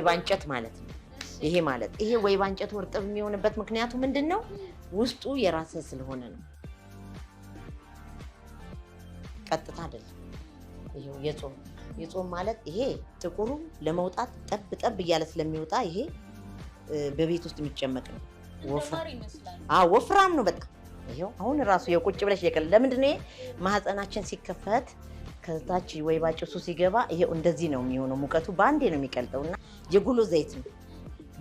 ወይባ እንጨት ማለት ነው። ይሄ ማለት ይሄ ወይባ እንጨቱ እርጥብ የሚሆንበት ምክንያቱ ምንድን ነው? ውስጡ የራሰ ስለሆነ ነው። ቀጥታ አይደለም። ይሄው የጾም የጾም ማለት ይሄ ጥቁሩ ለመውጣት ጠብ ጠብ እያለ ስለሚወጣ ይሄ በቤት ውስጥ የሚጨመቅ ነው። ወፍራም ነው በጣም ይሄው አሁን ራሱ የቁጭ ብለሽ የቀለ ለምንድን ነው ማህፀናችን ሲከፈት ከታች ወይባ ጭሱ ሲገባ ይሄው እንደዚህ ነው የሚሆነው። ሙቀቱ በአንዴ ነው የሚቀልጠው እና የጉሎ ዘይት ነው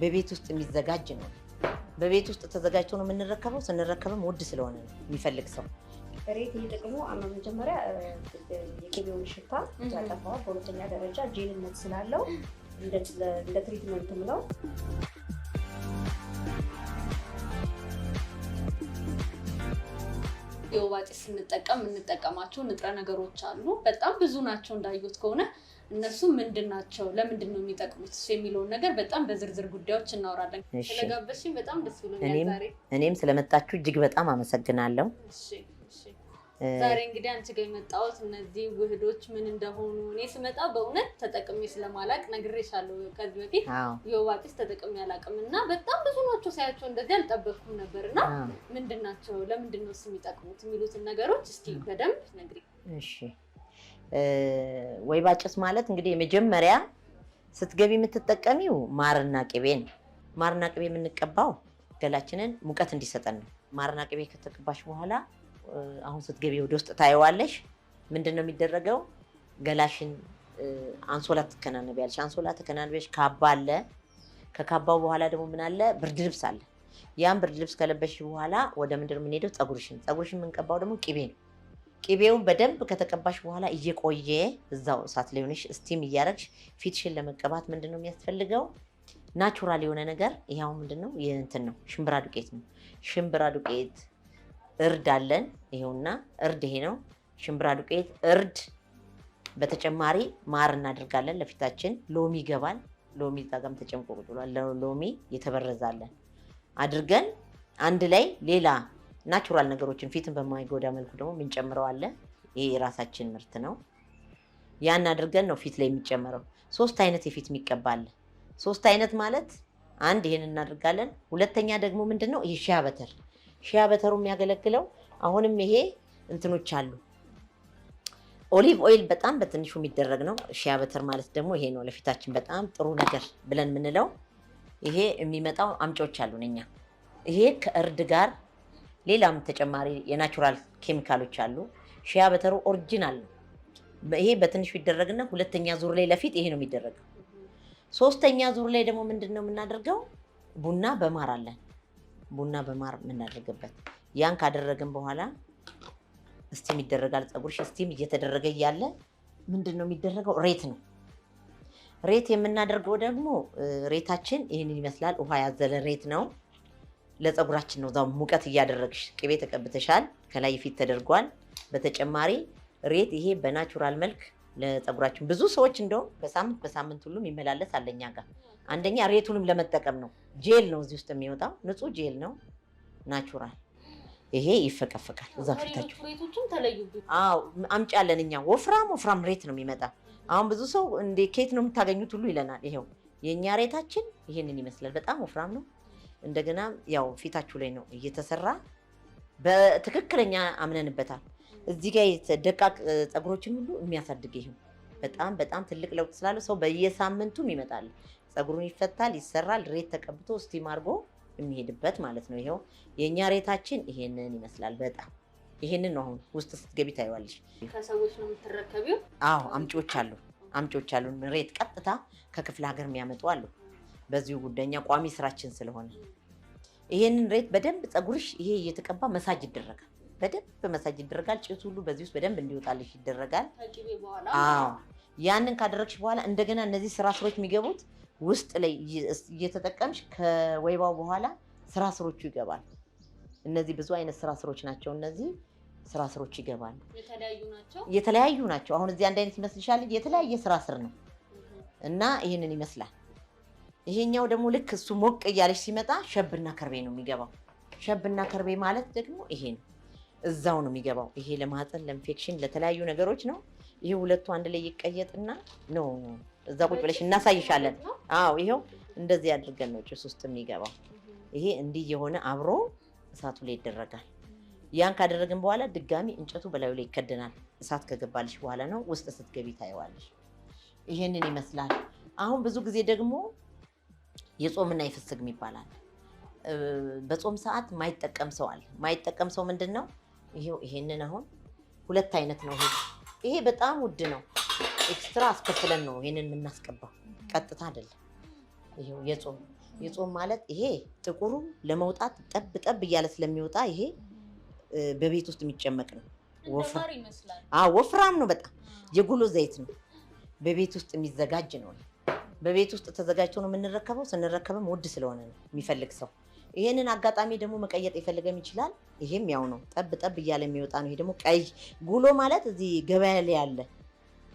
በቤት ውስጥ የሚዘጋጅ ነው። በቤት ውስጥ ተዘጋጅቶ ነው የምንረከበው። ስንረከብም ውድ ስለሆነ ነው የሚፈልግ ሰው ሬት ጥቅሙ መጀመሪያ የቅቤውን ሽታ ያጠፋዋል። በሁለተኛ ደረጃ ጄንነት ስላለው እንደ ትሪትመንት ምለው የወባ ጭስ ስንጠቀም የምንጠቀማቸው ንጥረ ነገሮች አሉ። በጣም ብዙ ናቸው እንዳዩት ከሆነ እነሱ ምንድን ናቸው፣ ለምንድን ነው የሚጠቅሙት የሚለውን ነገር በጣም በዝርዝር ጉዳዮች እናወራለን። ስለጋበዝሽኝ በጣም ደስ ብሎኛል። እኔም ስለመጣችሁ እጅግ በጣም አመሰግናለሁ። ዛሬ እንግዲህ አንቺ ጋር የመጣሁት እነዚህ ውህዶች ምን እንደሆኑ እኔ ስመጣ በእውነት ተጠቅሜ ስለማላቅ ነግሬሻለሁ። ከዚህ በፊት የወባ ጢስ ተጠቅሜ አላቅም እና በጣም ብዙ ናቸው ሳያቸው እንደዚህ አልጠበቅኩም ነበር። እና ምንድን ናቸው ለምንድን ነው የሚጠቅሙት የሚሉትን ነገሮች እስኪ በደንብ ነግሪ። እሺ ወይባ ጭስ ማለት እንግዲህ የመጀመሪያ ስትገቢ የምትጠቀሚው ማርና ቅቤ ነው። ማርና ቅቤ የምንቀባው ገላችንን ሙቀት እንዲሰጠን ነው። ማርና ቅቤ ከተቀባሽ በኋላ አሁን ስትገቢ ወደ ውስጥ ታየዋለሽ። ምንድን ነው የሚደረገው? ገላሽን አንሶላ ትከናነቢያለሽ። አንሶላ ተከናነቢያለሽ። ካባ አለ። ከካባው በኋላ ደግሞ ምን አለ? ብርድ ልብስ አለ። ያም ብርድ ልብስ ከለበሽ በኋላ ወደ ምንድን ነው የምንሄደው? ፀጉርሽን። ፀጉርሽን የምንቀባው ደግሞ ቂቤ ነው። ቂቤውን በደንብ ከተቀባሽ በኋላ እየቆየ እዛው እሳት ሊሆንሽ ስቲም እያደረግሽ ፊትሽን ለመቀባት ምንድን ነው የሚያስፈልገው? ናቹራል የሆነ ነገር ይኸው ምንድን ነው የእንትን ነው ሽምብራ ዱቄት ነው። ሽምብራ ዱቄት እርድ አለን። ይሄውና እርድ ይሄ ነው፣ ሽምብራ ዱቄት እርድ። በተጨማሪ ማር እናደርጋለን ለፊታችን። ሎሚ ይገባል። ሎሚ እዛ ጋም ተጨምቆ ቁጭ ብሏል። ሎሚ የተበረዛለን አድርገን አንድ ላይ ሌላ ናቹራል ነገሮችን ፊትን በማይጎዳ መልኩ ደግሞ የምንጨምረው ይሄ የራሳችን ምርት ነው። ያን አድርገን ነው ፊት ላይ የሚጨመረው። ሶስት አይነት የፊት የሚቀባል ሶስት አይነት ማለት አንድ ይሄን እናደርጋለን። ሁለተኛ ደግሞ ምንድን ነው ይሄ ሺያ በተር ሺያ በተሩ የሚያገለግለው አሁንም ይሄ እንትኖች አሉ። ኦሊቭ ኦይል በጣም በትንሹ የሚደረግ ነው። ሺያ በተር ማለት ደግሞ ይሄ ነው። ለፊታችን በጣም ጥሩ ነገር ብለን የምንለው ይሄ የሚመጣው አምጮች አሉን እኛ። ይሄ ከእርድ ጋር ሌላም ተጨማሪ የናቹራል ኬሚካሎች አሉ። ሺያ በተሩ ኦሪጂናል ነው። ይሄ በትንሹ ይደረግና ሁለተኛ ዙር ላይ ለፊት ይሄ ነው የሚደረገው። ሶስተኛ ዙር ላይ ደግሞ ምንድን ነው የምናደርገው? ቡና በማር አለን ቡና በማር የምናደርግበት ያን ካደረግን በኋላ እስቲም ይደረጋል። ፀጉርሽ እስቲም እየተደረገ እያለ ምንድን ነው የሚደረገው? ሬት ነው። ሬት የምናደርገው ደግሞ ሬታችን ይህንን ይመስላል። ውሃ ያዘለ ሬት ነው። ለፀጉራችን ነው። እዛው ሙቀት እያደረግሽ ቅቤ ተቀብተሻል። ከላይ የፊት ተደርጓል። በተጨማሪ ሬት ይሄ በናቹራል መልክ ለፀጉራችን ብዙ ሰዎች እንደውም በሳምንት በሳምንት ሁሉም ይመላለስ አለኛ ጋር አንደኛ ሬቱንም ለመጠቀም ነው። ጄል ነው እዚህ ውስጥ የሚወጣው ንጹህ ጄል ነው፣ ናቹራል ይሄ ይፈቀፈቃል። እዛ ፊታችሁ አዎ አምጫለን እኛ ወፍራም ወፍራም ሬት ነው የሚመጣ። አሁን ብዙ ሰው እንደ ኬት ነው የምታገኙት ሁሉ ይለናል። ይሄው የእኛ ሬታችን ይህንን ይመስላል። በጣም ወፍራም ነው። እንደገና ያው ፊታችሁ ላይ ነው እየተሰራ በትክክለኛ አምነንበታል። እዚህ ጋር የተደቃቅ ፀጉሮችን ሁሉ የሚያሳድግ ይሄው በጣም በጣም ትልቅ ለውጥ ስላለው ሰው በየሳምንቱም ይመጣል። ፀጉሩን ይፈታል፣ ይሰራል፣ ሬት ተቀብቶ ስቲም አድርጎ የሚሄድበት ማለት ነው። ይሄው የእኛ ሬታችን ይሄንን ይመስላል። በጣም ይሄንን ነው። አሁን ውስጥ ስትገቢ ታይዋለሽ። ከሰዎች ነው የምትረከቢው? አዎ፣ አምጪዎች አሉ፣ አምጪዎች አሉ። ሬት ቀጥታ ከክፍለ ሀገር የሚያመጡ አሉ። በዚሁ ጉዳይኛ ቋሚ ስራችን ስለሆነ ይሄንን ሬት በደንብ ፀጉርሽ ይሄ እየተቀባ መሳጅ ይደረጋል። በደንብ መሳጅ ይደረጋል። ጭሱ ሁሉ በዚህ ውስጥ በደንብ እንዲወጣልሽ ይደረጋል። አዎ፣ ያንን ካደረግሽ በኋላ እንደገና እነዚህ ስራ ስሮች የሚገቡት ውስጥ ላይ እየተጠቀምሽ ከወይባው በኋላ ስራ ስሮቹ ይገባል። እነዚህ ብዙ አይነት ስራ ስሮች ናቸው። እነዚህ ስራ ስሮች ይገባሉ። የተለያዩ ናቸው። አሁን እዚህ አንድ አይነት ይመስልሻል? የተለያየ ስራ ስር ነው እና ይህንን ይመስላል። ይሄኛው ደግሞ ልክ እሱ ሞቅ እያለች ሲመጣ ሸብና ከርቤ ነው የሚገባው። ሸብና ከርቤ ማለት ደግሞ ይሄ ነው፣ እዛው ነው የሚገባው። ይሄ ለማህፀን፣ ለኢንፌክሽን፣ ለተለያዩ ነገሮች ነው። ይሄ ሁለቱ አንድ ላይ ይቀየጥና ነው እዛ ቁጭ ብለሽ እናሳይሻለን። አዎ ይሄው እንደዚህ አድርገን ነው ጭስ ውስጥ የሚገባው። ይሄ እንዲህ የሆነ አብሮ እሳቱ ላይ ይደረጋል። ያን ካደረግን በኋላ ድጋሚ እንጨቱ በላዩ ላይ ይከደናል። እሳት ከገባልሽ በኋላ ነው ውስጥ ስትገቢ ታየዋለሽ። ይሄንን ይመስላል። አሁን ብዙ ጊዜ ደግሞ የጾምና የፍስግ ይባላል። በጾም ሰዓት ማይጠቀም ሰው አለ። ማይጠቀም ሰው ምንድን ነው? ይሄው ይሄንን አሁን ሁለት አይነት ነው። ይሄ በጣም ውድ ነው። ኤክስትራ አስከፍለን ነው ይሄንን የምናስገባው፣ ቀጥታ አይደለም። ይሄው የጾም የጾም ማለት ይሄ ጥቁሩ ለመውጣት ጠብ ጠብ እያለ ስለሚወጣ ይሄ በቤት ውስጥ የሚጨመቅ ነው። ወፍራም ነው በጣም የጉሎ ዘይት ነው። በቤት ውስጥ የሚዘጋጅ ነው። በቤት ውስጥ ተዘጋጅቶ ነው የምንረከበው። ስንረከብም ውድ ስለሆነ ነው የሚፈልግ ሰው። ይሄንን አጋጣሚ ደግሞ መቀየጥ የፈለገም ይችላል። ይሄም ያው ነው፣ ጠብ ጠብ እያለ የሚወጣ ነው። ይሄ ደግሞ ቀይ ጉሎ ማለት እዚህ ገበያ ላይ ያለ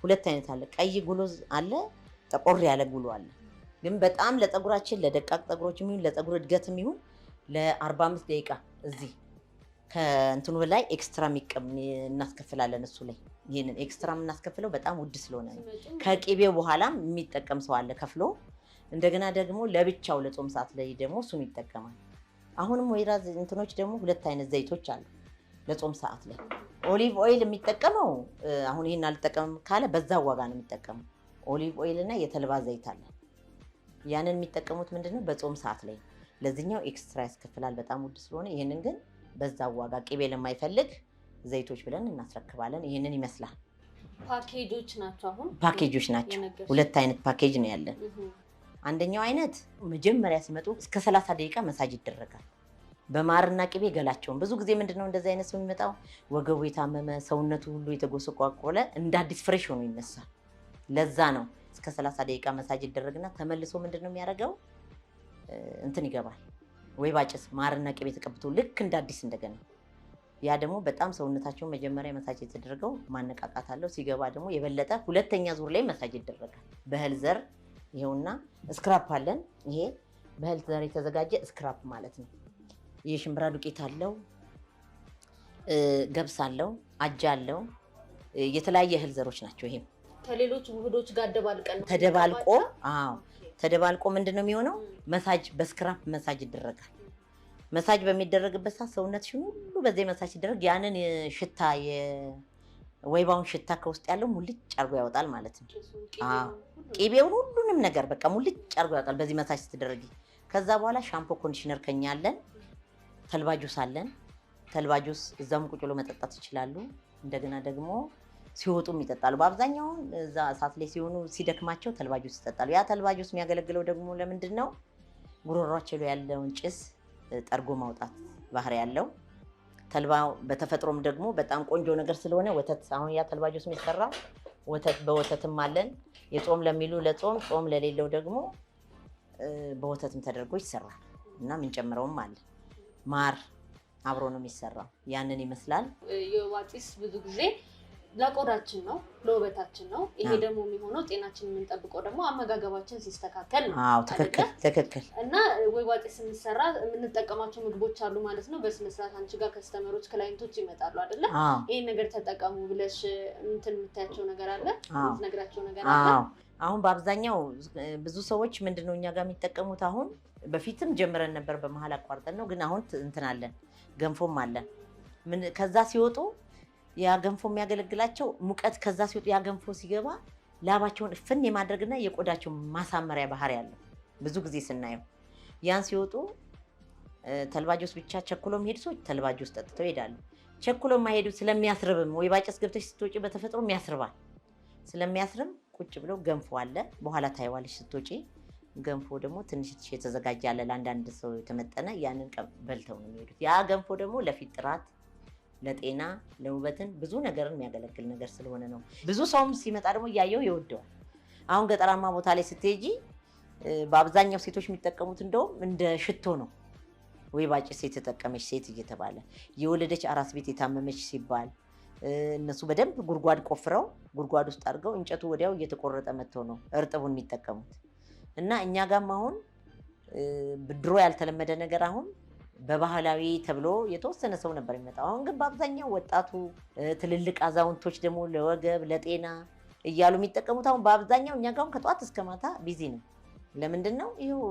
ሁለት አይነት አለ። ቀይ ጉሎ አለ፣ ጠቆር ያለ ጉሎ አለ። ግን በጣም ለፀጉራችን ለደቃቅ ጠጉሮች የሚሆን ለጠጉር እድገት የሚሆን ለ45 ደቂቃ እዚህ ከእንትኑ ላይ ኤክስትራ እናስከፍላለን። እሱ ላይ ይህንን ኤክስትራ የምናስከፍለው በጣም ውድ ስለሆነ ከቅቤው በኋላም የሚጠቀም ሰው አለ ከፍሎ። እንደገና ደግሞ ለብቻው ለጾም ሰዓት ላይ ደግሞ እሱም ይጠቀማል። አሁንም ወይራ እንትኖች ደግሞ ሁለት አይነት ዘይቶች አሉ ለጾም ሰዓት ላይ ኦሊቭ ኦይል የሚጠቀመው አሁን ይህን አልጠቀምም ካለ በዛ ዋጋ ነው የሚጠቀመው። ኦሊቭ ኦይል እና የተልባ ዘይት አለ። ያንን የሚጠቀሙት ምንድነው በጾም ሰዓት ላይ ነው። ለዚህኛው ኤክስትራ ያስከፍላል በጣም ውድ ስለሆነ፣ ይህንን ግን በዛ ዋጋ ቅቤ ለማይፈልግ ዘይቶች ብለን እናስረክባለን። ይህንን ይመስላል። ፓኬጆች ናቸው። አሁን ፓኬጆች ናቸው። ሁለት አይነት ፓኬጅ ነው ያለን። አንደኛው አይነት መጀመሪያ ሲመጡ እስከ ሰላሳ ደቂቃ መሳጅ ይደረጋል። በማርና ቅቤ ገላቸውን ብዙ ጊዜ ምንድነው እንደዚህ አይነት ሰው የሚመጣው ወገቡ የታመመ ሰውነቱ ሁሉ የተጎሰቋቆለ እንደ አዲስ ፍሬሽ ሆኖ ይነሳል። ለዛ ነው እስከ 30 ደቂቃ መሳጅ ይደረግና ተመልሶ ምንድነው የሚያደርገው እንትን ይገባል ወይ ባጭስ ማርና ቅቤ ተቀብቶ ልክ እንደ አዲስ እንደገና። ያ ደግሞ በጣም ሰውነታቸውን መጀመሪያ መሳጅ የተደረገው ማነቃቃት አለው። ሲገባ ደግሞ የበለጠ ሁለተኛ ዙር ላይ መሳጅ ይደረጋል። በእህል ዘር ይኸውና፣ ስክራፕ አለን። ይሄ በእህል ዘር የተዘጋጀ ስክራፕ ማለት ነው። የሽምብራ ዱቄት አለው፣ ገብስ አለው፣ አጃ አለው። የተለያየ እህል ዘሮች ናቸው። ይሄም ከሌሎች ውህዶች ጋር ደባልቀን ተደባልቆ አዎ ተደባልቆ ምንድን ነው የሚሆነው? መሳጅ በስክራፕ መሳጅ ይደረጋል። መሳጅ በሚደረግበት ሰዓት ሰውነትሽን ሁሉ በዚህ መሳጅ ሲደረግ ያንን ሽታ ወይባውን ሽታ ከውስጥ ያለው ሙልጭ አርጎ ያወጣል ማለት ነው። ቂቤውን ሁሉንም ነገር በቃ ሙልጭ አርጎ ያወጣል በዚህ መሳጅ ስትደረግ ከዛ በኋላ ሻምፖ ኮንዲሽነር ከኛ አለን። ተልባጁስ አለን። ተልባጁስ እዛም ቁጭ ብሎ መጠጣት ይችላሉ። እንደገና ደግሞ ሲወጡም ይጠጣሉ። በአብዛኛው እዛ እሳት ላይ ሲሆኑ ሲደክማቸው ጁስ ይጠጣሉ። ያ ጁስ የሚያገለግለው ደግሞ ለምንድን ነው? ጉሮሯቸው ላይ ያለውን ጭስ ጠርጎ ማውጣት ባህሪ ያለው ተልባ በተፈጥሮም ደግሞ በጣም ቆንጆ ነገር ስለሆነ ወተት አሁን ያ ጁስ የሚሰራው ወተት በወተትም አለን። የጾም ለሚሉ ለጾም ጾም ለሌለው ደግሞ በወተትም ተደርጎ ይሰራል እና ምንጨምረውም አለን። ማር አብሮ ነው የሚሰራው። ያንን ይመስላል። የዋጢስ ብዙ ጊዜ ለቆዳችን ነው፣ ለውበታችን ነው። ይሄ ደግሞ የሚሆነው ጤናችን የምንጠብቀው ደግሞ አመጋገባችን ሲስተካከል ነው። ትክክል ትክክል። እና ወይዋጤ ስንሰራ የምንጠቀማቸው ምግቦች አሉ ማለት ነው። በስነስርዓት አንቺ ጋር ከስተመሮች ክላይንቶች ይመጣሉ አይደለ? ይህን ነገር ተጠቀሙ ብለሽ እንትን የምታያቸው ነገር አለ፣ የምትነግራቸው ነገር አለ። አሁን በአብዛኛው ብዙ ሰዎች ምንድነው እኛ ጋር የሚጠቀሙት አሁን በፊትም ጀምረን ነበር፣ በመሀል አቋርጠን ነው ግን አሁን አለን ገንፎም አለን ከዛ ሲወጡ ያ ገንፎ የሚያገለግላቸው ሙቀት ከዛ ሲወጡ ያ ገንፎ ሲገባ ላባቸውን ፍን የማድረግና የቆዳቸውን ማሳመሪያ ባህሪ ያለው ብዙ ጊዜ ስናየው ያን ሲወጡ ተልባጆስ ብቻ ቸኩሎ የሚሄዱ ሰዎች ተልባጆስ ጠጥተው ይሄዳሉ። ቸኩሎ የማይሄዱ ስለሚያስርብም ወይ ባጨስ ገብተሽ ስትወጪ በተፈጥሮ ያስርባል። ስለሚያስርም ቁጭ ብለው ገንፎ አለ። በኋላ ታይዋለች ስትወጪ። ገንፎ ደግሞ ትንሽ የተዘጋጀ አለ፣ ለአንዳንድ ሰው የተመጠነ ያንን በልተው ነው የሚሄዱት። ያ ገንፎ ደግሞ ለፊት ጥራት ለጤና ለውበትን ብዙ ነገርን የሚያገለግል ነገር ስለሆነ ነው። ብዙ ሰውም ሲመጣ ደግሞ እያየው ይወደዋል። አሁን ገጠራማ ቦታ ላይ ስትሄጂ በአብዛኛው ሴቶች የሚጠቀሙት እንደውም እንደ ሽቶ ነው። ወይ ሴት የተጠቀመች ሴት እየተባለ የወለደች አራስ ቤት የታመመች ሲባል እነሱ በደንብ ጉድጓድ ቆፍረው ጉድጓድ ውስጥ አድርገው እንጨቱ ወዲያው እየተቆረጠ መጥቶ ነው እርጥቡን የሚጠቀሙት እና እኛ ጋም አሁን ድሮ ያልተለመደ ነገር አሁን በባህላዊ ተብሎ የተወሰነ ሰው ነበር የሚመጣው። አሁን ግን በአብዛኛው ወጣቱ፣ ትልልቅ አዛውንቶች ደግሞ ለወገብ ለጤና እያሉ የሚጠቀሙት አሁን በአብዛኛው እኛ ጋር ከጠዋት እስከ ማታ ቢዚ ነው። ለምንድን ነው ይኸው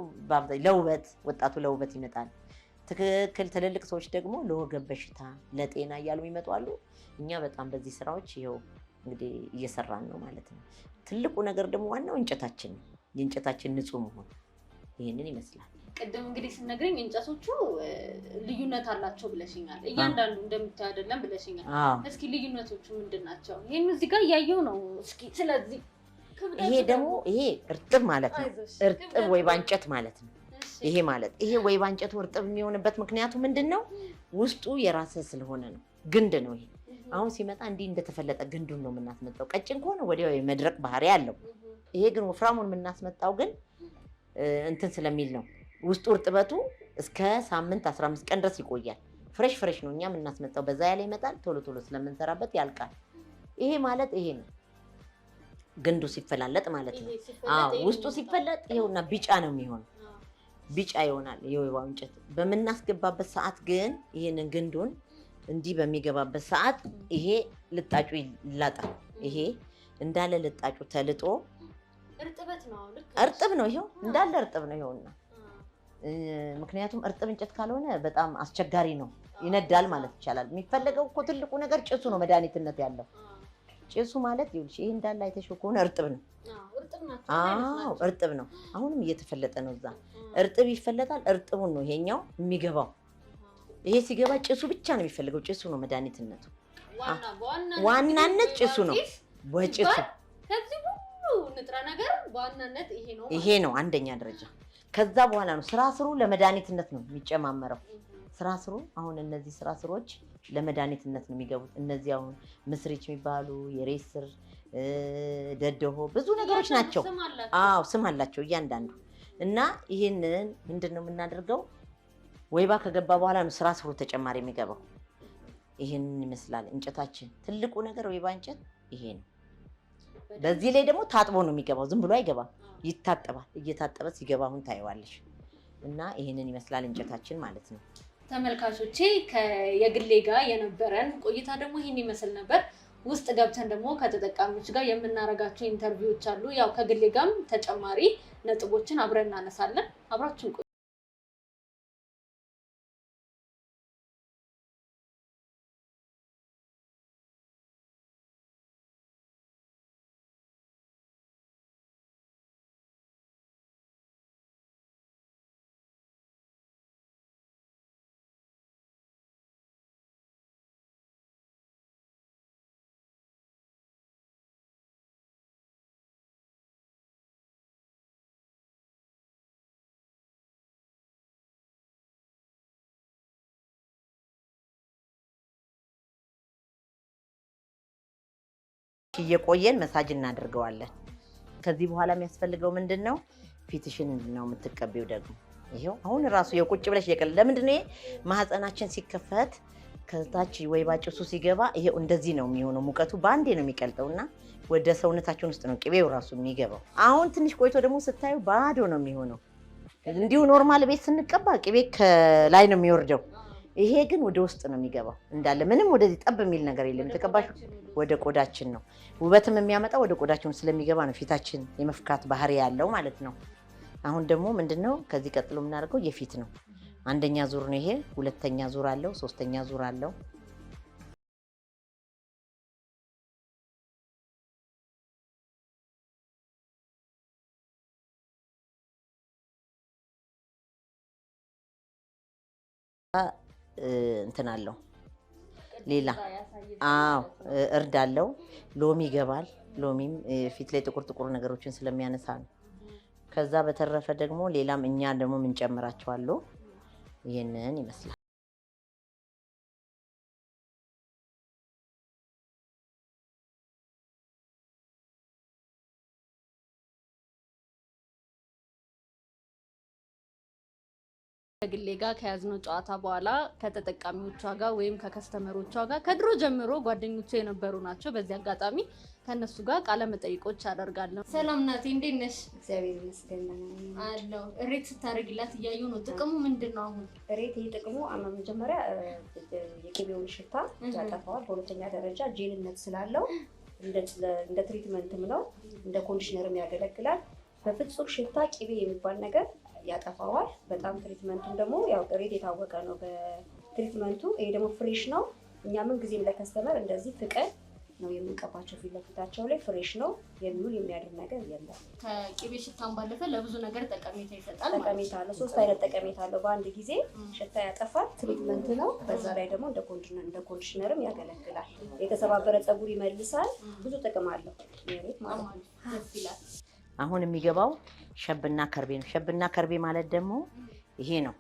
ለውበት ወጣቱ ለውበት ይመጣል። ትክክል ትልልቅ ሰዎች ደግሞ ለወገብ በሽታ ለጤና እያሉ የሚመጡ አሉ። እኛ በጣም በዚህ ስራዎች ይኸው እንግዲህ እየሰራን ነው ማለት ነው። ትልቁ ነገር ደግሞ ዋናው እንጨታችን ነው። የእንጨታችን ንጹህ መሆን ይህንን ይመስላል። ቅድም እንግዲህ ስነግረኝ እንጨቶቹ ልዩነት አላቸው ብለሽኛል። እያንዳንዱ እንደምታይ አይደለም ብለሽኛል። እስኪ ልዩነቶቹ ምንድን ናቸው? ይህን እዚህ ጋር እያየው ነው። እስኪ ስለዚህ ይሄ ደግሞ ይሄ እርጥብ ማለት ነው። እርጥብ ወይባ እንጨት ማለት ነው። ይሄ ማለት ይሄ ወይባ እንጨቱ እርጥብ የሚሆንበት ምክንያቱ ምንድን ነው? ውስጡ የራሰ ስለሆነ ነው። ግንድ ነው ይሄ። አሁን ሲመጣ እንዲህ እንደተፈለጠ ግንዱን ነው የምናስመጣው። ቀጭን ከሆነ ወዲያው የመድረቅ ባህሪ አለው። ይሄ ግን ወፍራሙን የምናስመጣው ግን እንትን ስለሚል ነው ውስጡ እርጥበቱ እስከ ሳምንት 15 ቀን ድረስ ይቆያል። ፍሬሽ ፍሬሽ ነው እኛ የምናስመጣው፣ በዛ ያለ ይመጣል። ቶሎ ቶሎ ስለምንሰራበት ያልቃል። ይሄ ማለት ይሄ ነው፣ ግንዱ ሲፈላለጥ ማለት ነው። አዎ ውስጡ ሲፈለጥ ይኸውና ቢጫ ነው የሚሆነው፣ ቢጫ ይሆናል የወይባው እንጨት። በምናስገባበት ሰዓት ግን ይሄንን ግንዱን እንዲህ በሚገባበት ሰዓት ይሄ ልጣጩ ይላጣል። ይሄ እንዳለ ልጣጩ ተልጦ እርጥብ ነው፣ ይኸው እንዳለ እርጥብ ነው። ይኸውና ምክንያቱም እርጥብ እንጨት ካልሆነ በጣም አስቸጋሪ ነው፣ ይነዳል ማለት ይቻላል። የሚፈለገው እኮ ትልቁ ነገር ጭሱ ነው፣ መድኃኒትነት ያለው ጭሱ ማለት ይኸውልሽ፣ ይሄ እንዳለ አይተሽው ከሆነ እርጥብ ነው። አዎ እርጥብ ነው። አሁንም እየተፈለጠ ነው። እዛ እርጥብ ይፈለጣል። እርጥቡን ነው ይሄኛው የሚገባው። ይሄ ሲገባ ጭሱ ብቻ ነው የሚፈልገው። ጭሱ ነው መድኃኒትነቱ፣ ዋናነት ጭሱ ነው። በጭሱ ከዚህ ሁሉ ንጥረ ነገር በዋናነት ይሄ ነው፣ አንደኛ ደረጃ ከዛ በኋላ ነው ስራ ስሩ ለመድኃኒትነት ነው የሚጨማመረው። ስራ ስሩ አሁን እነዚህ ስራ ስሮች ለመድኃኒትነት ነው የሚገቡት። እነዚህ አሁን ምስሪች የሚባሉ የሬት ስር፣ ደደሆ ብዙ ነገሮች ናቸው። አዎ ስም አላቸው እያንዳንዱ እና ይህንን ምንድን ነው የምናደርገው? ወይባ ከገባ በኋላ ነው ስራ ስሩ ተጨማሪ የሚገባው። ይህንን ይመስላል እንጨታችን። ትልቁ ነገር ወይባ እንጨት ይሄ ነው። በዚህ ላይ ደግሞ ታጥቦ ነው የሚገባው፣ ዝም ብሎ አይገባም። ይታጠባል። እየታጠበ ሲገባ አሁን ታየዋለሽ። እና ይህንን ይመስላል እንጨታችን ማለት ነው። ተመልካቾቼ ከየግሌ ጋር የነበረን ቆይታ ደግሞ ይህን ይመስል ነበር። ውስጥ ገብተን ደግሞ ከተጠቃሚዎች ጋር የምናረጋቸው ኢንተርቪዎች አሉ። ያው ከግሌ ጋርም ተጨማሪ ነጥቦችን አብረን እናነሳለን። አብራችሁ እየቆየን መሳጅ እናደርገዋለን። ከዚህ በኋላ የሚያስፈልገው ምንድን ነው? ፊትሽን ነው የምትቀቢው። ደግሞ ይሄው አሁን ራሱ የቁጭ ብለሽ የቀለ ለምንድን ማህፀናችን ሲከፈት ከታች ወይባ ጭሱ ሲገባ ይሄው እንደዚህ ነው የሚሆነው። ሙቀቱ በአንዴ ነው የሚቀልጠው እና ወደ ሰውነታችን ውስጥ ነው ቅቤው ራሱ የሚገባው። አሁን ትንሽ ቆይቶ ደግሞ ስታዩ ባዶ ነው የሚሆነው። እንዲሁ ኖርማል ቤት ስንቀባ ቅቤ ከላይ ነው የሚወርደው። ይሄ ግን ወደ ውስጥ ነው የሚገባው እንዳለ ምንም ወደዚህ ጠብ የሚል ነገር የለም። ተቀባሽ ወደ ቆዳችን ነው ውበትም የሚያመጣው ወደ ቆዳችን ስለሚገባ ነው። ፊታችን የመፍካት ባህሪ ያለው ማለት ነው። አሁን ደግሞ ምንድነው ከዚህ ቀጥሎ የምናደርገው የፊት ነው። አንደኛ ዙር ነው ይሄ። ሁለተኛ ዙር አለው። ሶስተኛ ዙር አለው። እንትናለው ሌላ አዎ እርድ አለው። ሎሚ ይገባል። ሎሚም ፊት ላይ ጥቁር ጥቁር ነገሮችን ስለሚያነሳ ነው። ከዛ በተረፈ ደግሞ ሌላም እኛ ደግሞ ምንጨምራቸዋለሁ። ይህንን ይመስላል። ከግሌ ጋር ከያዝነው ጨዋታ በኋላ ከተጠቃሚዎቿ ጋር ወይም ከከስተመሮቿ ጋር ከድሮ ጀምሮ ጓደኞቿ የነበሩ ናቸው። በዚህ አጋጣሚ ከእነሱ ጋር ቃለ መጠይቆች አደርጋለሁ። ሰላም ናት፣ እንዴት ነሽ? እግዚአብሔር ይመስገን አለው። እሬት ስታደርግላት እያዩ ነው። ጥቅሙ ምንድን ነው? አሁን እሬት ይህ ጥቅሙ መጀመሪያ የቅቤውን ሽታ ያጠፋዋል። በሁለተኛ ደረጃ ጄልነት ስላለው እንደ ትሪትመንትም ነው፣ እንደ ኮንዲሽነርም ያገለግላል። በፍጹም ሽታ ቅቤ የሚባል ነገር ያጠፋዋል። በጣም ትሪትመንቱ ደግሞ ያው ሬት የታወቀ ነው በትሪትመንቱ። ይሄ ደግሞ ፍሬሽ ነው። እኛ ምን ጊዜም ለከስተመር እንደዚህ ፍቅር ነው የምንቀባቸው ፊት ለፊታቸው ላይ ፍሬሽ ነው የሚውል የሚያድር ነገር የለም። ከቅቤ ሽታን ባለፈ ለብዙ ነገር ጠቀሜታ ይሰጣል። ጠቀሜታ አለው። ሶስት አይነት ጠቀሜታ አለው። በአንድ ጊዜ ሽታ ያጠፋል፣ ትሪትመንት ነው። በዛ ላይ ደግሞ እንደ ኮንዲሽነርም ያገለግላል። የተሰባበረ ፀጉር ይመልሳል። ብዙ ጥቅም አለው ማለት ነው። አሁን የሚገባው ሸብና ከርቤ ነው። ሸብና ከርቤ ማለት ደግሞ ይሄ ነው።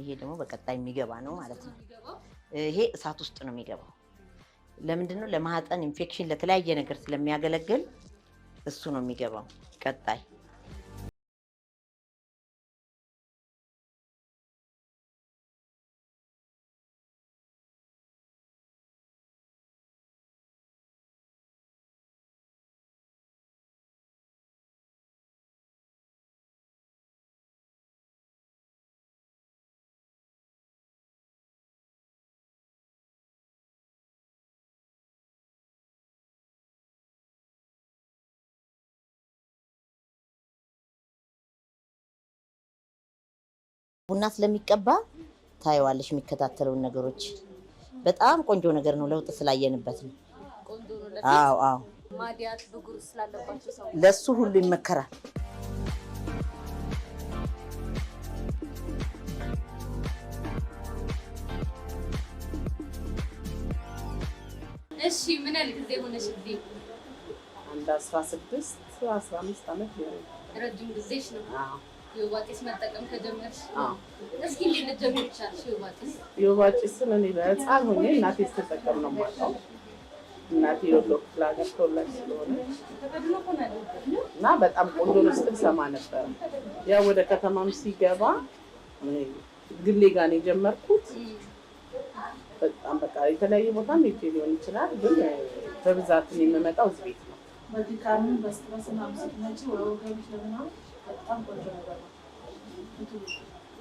ይሄ ደግሞ በቀጣይ የሚገባ ነው ማለት ነው። ይሄ እሳት ውስጥ ነው የሚገባው። ለምንድን ነው? ለማህፀን ኢንፌክሽን፣ ለተለያየ ነገር ስለሚያገለግል እሱ ነው የሚገባው ቀጣይ ቡና ስለሚቀባ ታየዋለሽ የሚከታተለውን ነገሮች። በጣም ቆንጆ ነገር ነው፣ ለውጥ ስላየንበት ነው። አዎ አዎ፣ ለሱ ሁሉ ይመከራል። እሺ ምን ያህል ጊዜ ሆነሽ? አንድ አስራ ስድስት አስራ አምስት አመት ረጅም ጊዜሽ ነው። የወባ ጭስ መጠቀም ከጀመርሽ እስኪ እኔ በህፃን ሆኜ እናቴ ስትጠቀም ነው የማውቀው። እናቴ የወሎ ክፍለ ሀገር ተወላጅ ስለሆነ እና በጣም ቆንጆ ነው ስትል ሰማ ነበረ። ያው ወደ ከተማም ሲገባ ግሌ ጋር ነው የጀመርኩት። በጣም በቃ የተለያየ ቦታም ሄጄ ሊሆን ይችላል፣ ግን በብዛት የምመጣው እዚህ ቤት ነው።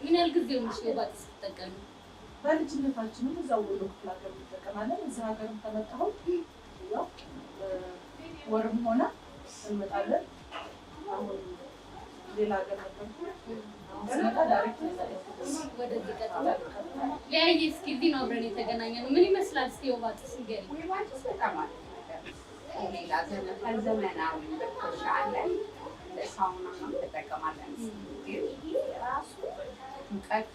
ምን ያህል ጊዜ ሆነሽ የባቲ ስትጠቀሚ? በልጅነታችንም እዛው ወሎ ክፍለ ሀገር እንጠቀማለን። እዚህ ሀገር ከመጣሁ ወርም ሆነ እንመጣለን። አሁን ሌላ ሀገር ለያየ እስኪ እዚህ ነው አብረን የተገናኘ ነው። ምን ይመስላል? እስኪ የባቲ ሲገኝ ሌላ ዘመናዊ ሻለን አለ ሳሙና ምናምን ትጠቀማለን። ግን ይህ ራሱ ሙቀቱ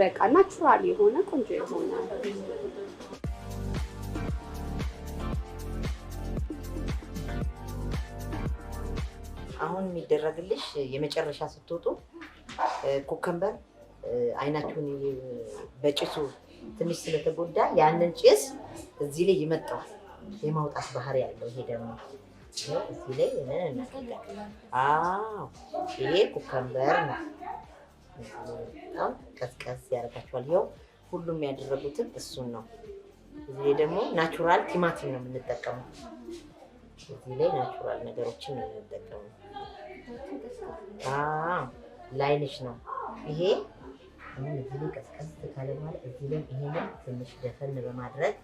በቃ ናቹራል የሆነ ቆንጆ የሆነ አሁን የሚደረግልሽ የመጨረሻ ስትወጡ ኮከምበር አይናችሁን በጭሱ ትንሽ ስለተጎዳ ያንን ጭስ እዚህ ላይ ይመጣዋል። የማውጣት ባህሪ ያለው ይሄ ደግሞ እዚህ ላይ ምን ይሄ ኩከምበር ነው። በጣም ቀዝቀዝ ያደርጋቸዋል። ይኸው ሁሉም ያደረጉትን እሱን ነው። እዚህ ላይ ደግሞ ናቹራል ቲማቲም ነው የምንጠቀመው። እዚህ ላይ ናቹራል ነገሮችን ነው የምንጠቀመው። ላይንሽ ነው ይሄ እና እዚህ ላይ ቀዝቀዝ ካለ በኋላ እዚህ ላይ ይሄንን ትንሽ ደፈን በማድረግ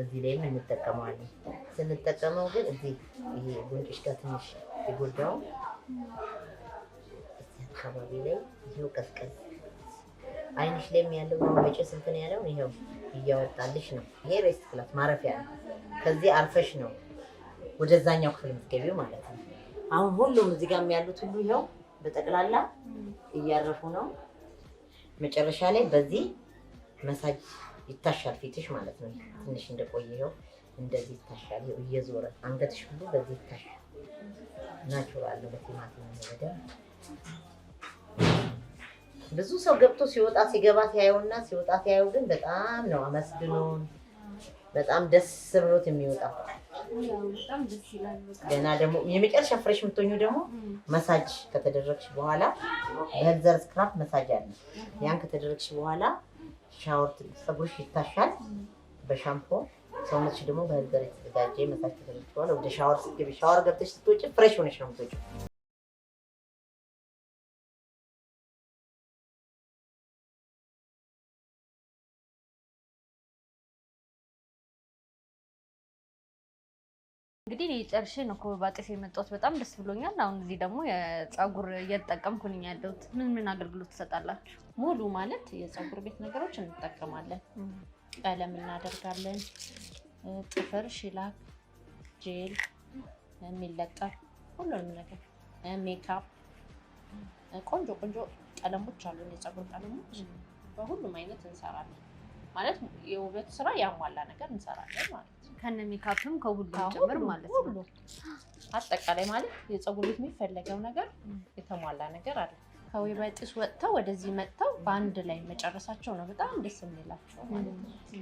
እዚህ ላይም እንጠቀመዋለን። ስንጠቀመው ግን እዚህ ይሄ ጉንጭሽ ጋር ትንሽ የጎዳው አካባቢ ላይ ይሄው ቀዝቀዝ አይንሽ ላይም ያለው ነው። ስንት ነው ያለው ይሄው እያወጣልሽ ነው። ይሄ ቤስት ክላስ ማረፊያ ነው። ከዚህ አርፈሽ ነው ወደዛኛው ክፍል የምትገቢው ማለት ነው። አሁን ሁሉም እዚህ ጋር ያሉት ሁሉ ይኸው በጠቅላላ እያረፉ ነው። መጨረሻ ላይ በዚህ መሳጅ ይታሻል ፊትሽ ማለት ነው። ትንሽ እንደቆየ ይኸው እንደዚህ ይታሻል። ይኸው እየዞረ አንገትሽ ሁሉ በዚህ ይታሻል። ናቹራል ነው። በቲማቲም ብዙ ሰው ገብቶ ሲወጣ ሲገባ ሲያየውና ሲወጣ ሲያየው ግን በጣም ነው አመስግኖን በጣም ደስ ብሎት የሚወጣው። ገና ደግሞ የመጨረሻ ፍሬሽ የምትሆኚው ደግሞ መሳጅ ከተደረግሽ በኋላ በሄልዘር ስክራፕ መሳጅ አለ። ያን ከተደረግሽ በኋላ ሻወር ፀጉርሽ ይታሻል በሻምፖ ሰውነትሽ ደግሞ በሄልዘር የተዘጋጀ መሳጅ ከተደረግሽ በኋላ ወደ ሻወር ስትገቢ ሻወር ገብተሽ ስትወጪ ፍሬሽ ሆነሽ ነው የምትወጪው። እንግዲህ እኔ ጨርሼ ነው ከወባ ጤፍ የመጣሁት። በጣም ደስ ብሎኛል። አሁን እዚህ ደግሞ የፀጉር እየተጠቀምኩ ያለሁት። ምን ምን አገልግሎት ትሰጣላችሁ? ሙሉ ማለት የፀጉር ቤት ነገሮች እንጠቀማለን። ቀለም እናደርጋለን፣ ጥፍር፣ ሽላክ፣ ጄል፣ የሚለጠፍ ሁሉንም ነገር ሜካፕ፣ ቆንጆ ቆንጆ ቀለሞች አሉ፣ የፀጉር ቀለሞች በሁሉም አይነት እንሰራለን። ማለት የውበት ስራ ያሟላ ነገር እንሰራለን ማለት ነው። ከነ ሜካፕም ከሁሉም ጭምር ማለት ነው። አጠቃላይ ማለት የፀጉር ቤት የሚፈለገው ነገር የተሟላ ነገር አለ። ከወይባ ጢስ ወጥተው ወደዚህ መጥተው በአንድ ላይ መጨረሳቸው ነው በጣም ደስ የሚላቸው ማለት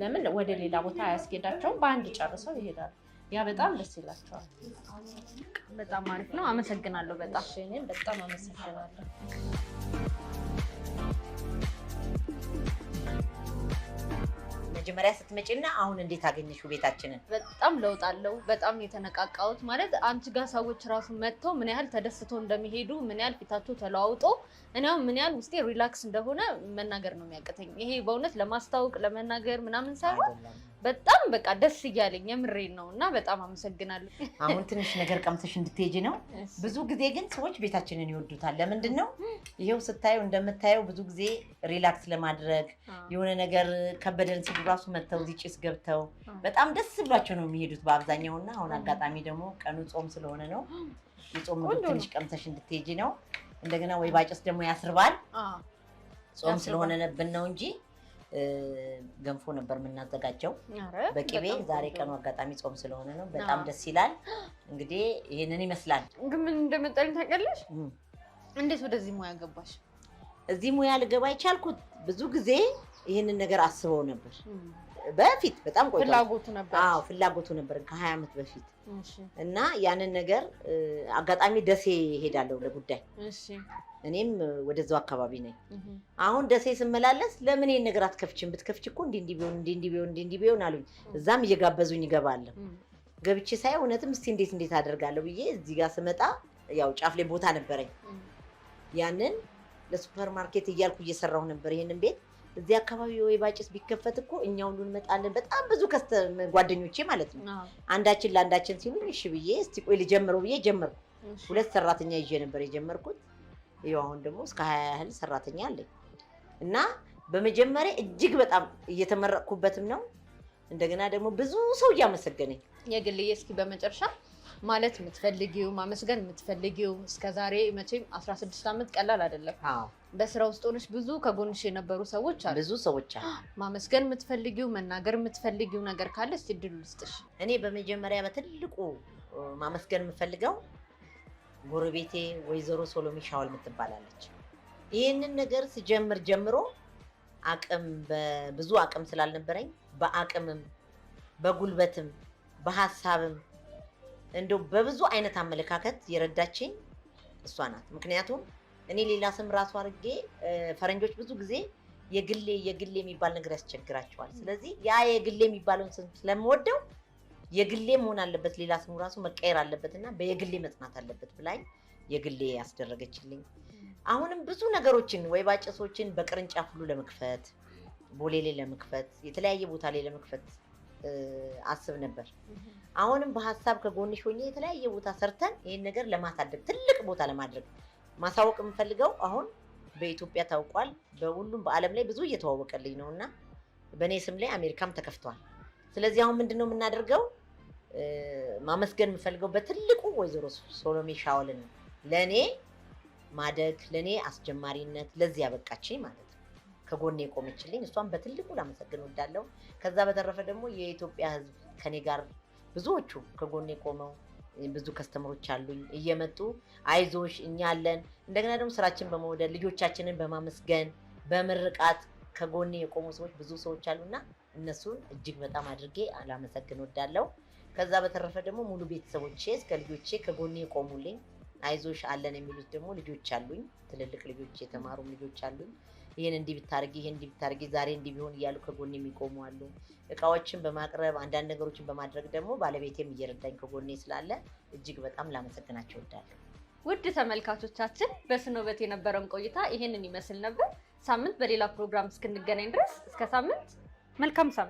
ለምን ወደ ሌላ ቦታ አያስጌዳቸውም። በአንድ ጨርሰው ይሄዳሉ። ያ በጣም ደስ ይላቸዋል። በጣም አሪፍ ነው። አመሰግናለሁ። በጣም እኔም በጣም አመሰግናለሁ። መጀመሪያ ስትመጪና አሁን እንዴት አገኘሽው ቤታችንን? በጣም ለውጥ አለው። በጣም የተነቃቃሁት ማለት አንቺ ጋር ሰዎች ራሱ መጥተው ምን ያህል ተደስተው እንደሚሄዱ ምን ያህል ፊታቸው ተለዋውጦ እኔው ምን ያህል ውስጤ ሪላክስ እንደሆነ መናገር ነው የሚያቅተኝ። ይሄ በእውነት ለማስታወቅ ለመናገር ምናምን ሳይሆን በጣም በቃ ደስ እያለኝ የምሬን ነው እና በጣም አመሰግናለሁ። አሁን ትንሽ ነገር ቀምሰሽ እንድትሄጂ ነው። ብዙ ጊዜ ግን ሰዎች ቤታችንን ይወዱታል። ለምንድን ነው? ይኸው ስታየው እንደምታየው ብዙ ጊዜ ሪላክስ ለማድረግ የሆነ ነገር ከበደን ሲሉ ራሱ መጥተው እዚህ ጭስ ገብተው በጣም ደስ ብሏቸው ነው የሚሄዱት በአብዛኛው እና አሁን አጋጣሚ ደግሞ ቀኑ ጾም ስለሆነ ነው የጾም ትንሽ ቀምተሽ እንድትሄጂ ነው። እንደገና ወይ ባጭስ ደግሞ ያስርባል ጾም ስለሆነብን ነው እንጂ ገንፎ ነበር የምናዘጋጀው በቅቤ። ዛሬ ቀኑ አጋጣሚ ጾም ስለሆነ ነው። በጣም ደስ ይላል። እንግዲህ ይህንን ይመስላል። ግን ምን እንደመጣልኝ ታውቂያለሽ? እንዴት ወደዚህ ሙያ ገባሽ? እዚህ ሙያ ልገባ የቻልኩት ብዙ ጊዜ ይህንን ነገር አስበው ነበር በፊት በጣም ቆይቷል። ፍላጎቱ ነበር። አዎ ፍላጎቱ ነበር ከሀያ ዓመት በፊት እና ያንን ነገር አጋጣሚ ደሴ ሄዳለሁ ለጉዳይ። እኔም ወደዛው አካባቢ ነኝ። አሁን ደሴ ስመላለስ ለምን ይህን ነገር አትከፍችም? ብትከፍች እኮ እንዲህ እንዲህ ቢሆን እንዲህ እንዲህ ቢሆን እንዲህ እንዲህ ቢሆን አሉኝ። እዛም እየጋበዙኝ ይገባለሁ። ገብቼ ሳይ እውነትም እስቲ እንዴት እንዴት አደርጋለሁ ብዬ እዚህ ጋር ስመጣ ያው ጫፍ ላይ ቦታ ነበረኝ። ያንን ለሱፐር ማርኬት እያልኩ እየሰራሁ ነበር ይሄንን ቤት እዚህ አካባቢ ወይባ ጭስ ቢከፈት እኮ እኛ ሁሉ እንመጣለን። በጣም ብዙ ከስተም ጓደኞቼ ማለት ነው። አንዳችን ለአንዳችን ሲሉ እሺ ብዬ እስቲ ቆይ ልጀምረው ብዬ ጀመርኩ። ሁለት ሰራተኛ ይዤ ነበር የጀመርኩት። ይኸው አሁን ደግሞ እስከ ሀያ ያህል ሰራተኛ አለኝ እና በመጀመሪያ እጅግ በጣም እየተመረቅኩበትም ነው። እንደገና ደግሞ ብዙ ሰው እያመሰገነኝ የግል እስኪ በመጨረሻ ማለት የምትፈልጊው ማመስገን የምትፈልጊው እስከዛሬ መቼም 16 ዓመት ቀላል አይደለም። በስራ ውስጥ ሆነሽ ብዙ ከጎንሽ የነበሩ ሰዎች አሉ፣ ብዙ ሰዎች አሉ። ማመስገን የምትፈልጊው መናገር የምትፈልጊው ነገር ካለ እስኪ እድሉ ልስጥሽ። እኔ በመጀመሪያ በትልቁ ማመስገን የምፈልገው ጎረቤቴ ወይዘሮ ሶሎሚ ሻወል የምትባላለች። ይህንን ነገር ስጀምር ጀምሮ አቅም ብዙ አቅም ስላልነበረኝ በአቅምም በጉልበትም በሀሳብም እንደው በብዙ አይነት አመለካከት የረዳችኝ እሷ ናት። ምክንያቱም እኔ ሌላ ስም ራሱ አድርጌ ፈረንጆች ብዙ ጊዜ የግሌ የግሌ የሚባል ነገር ያስቸግራቸዋል። ስለዚህ ያ የግሌ የሚባለውን ስም ስለምወደው የግሌ መሆን አለበት፣ ሌላ ስሙ ራሱ መቀየር አለበት እና በየግሌ መጽናት አለበት ብላኝ የግሌ ያስደረገችልኝ አሁንም ብዙ ነገሮችን ወይ ባጭሶችን በቅርንጫፍ ሁሉ ለመክፈት ቦሌ ላይ ለመክፈት የተለያየ ቦታ ላይ ለመክፈት አስብ ነበር። አሁንም በሀሳብ ከጎንሽ ሆኜ የተለያየ ቦታ ሰርተን ይህን ነገር ለማሳደግ ትልቅ ቦታ ለማድረግ ማሳወቅ የምፈልገው አሁን በኢትዮጵያ ታውቋል፣ በሁሉም በዓለም ላይ ብዙ እየተዋወቀልኝ ነው እና በእኔ ስም ላይ አሜሪካም ተከፍቷል። ስለዚህ አሁን ምንድን ነው የምናደርገው? ማመስገን የምፈልገው በትልቁ ወይዘሮ ሶሎሜ ሻወልን ለእኔ ማደግ ለእኔ አስጀማሪነት ለዚህ ያበቃችኝ ማለት ነው ከጎኔ የቆመችልኝ እሷን በትልቁ ላመሰግን ወዳለው። ከዛ በተረፈ ደግሞ የኢትዮጵያ ሕዝብ ከኔ ጋር ብዙዎቹ ከጎኔ ቆመው ብዙ ከስተምሮች አሉኝ እየመጡ አይዞሽ እኛ አለን። እንደገና ደግሞ ስራችን በመውደድ ልጆቻችንን በማመስገን በምርቃት ከጎኔ የቆሙ ሰዎች ብዙ ሰዎች አሉና እነሱን እጅግ በጣም አድርጌ አላመሰግን ወዳለው። ከዛ በተረፈ ደግሞ ሙሉ ቤተሰቦቼ እስከ ልጆቼ ከጎኔ የቆሙልኝ አይዞሽ አለን የሚሉት ደግሞ ልጆች አሉኝ። ትልልቅ ልጆች የተማሩም ልጆች አሉኝ። ይህን እንዲህ ብታርጊ፣ ይህን እንዲህ ብታርጊ፣ ዛሬ እንዲህ ቢሆን እያሉ ከጎን የሚቆሙ አሉ። እቃዎችን በማቅረብ አንዳንድ ነገሮችን በማድረግ ደግሞ ባለቤቴም እየረዳኝ ከጎኔ ስላለ እጅግ በጣም ላመሰግናቸው እወዳለሁ። ውድ ተመልካቾቻችን በስነ ውበት የነበረን ቆይታ ይህንን ይመስል ነበር። ሳምንት በሌላ ፕሮግራም እስክንገናኝ ድረስ እስከ ሳምንት መልካም ሳምንት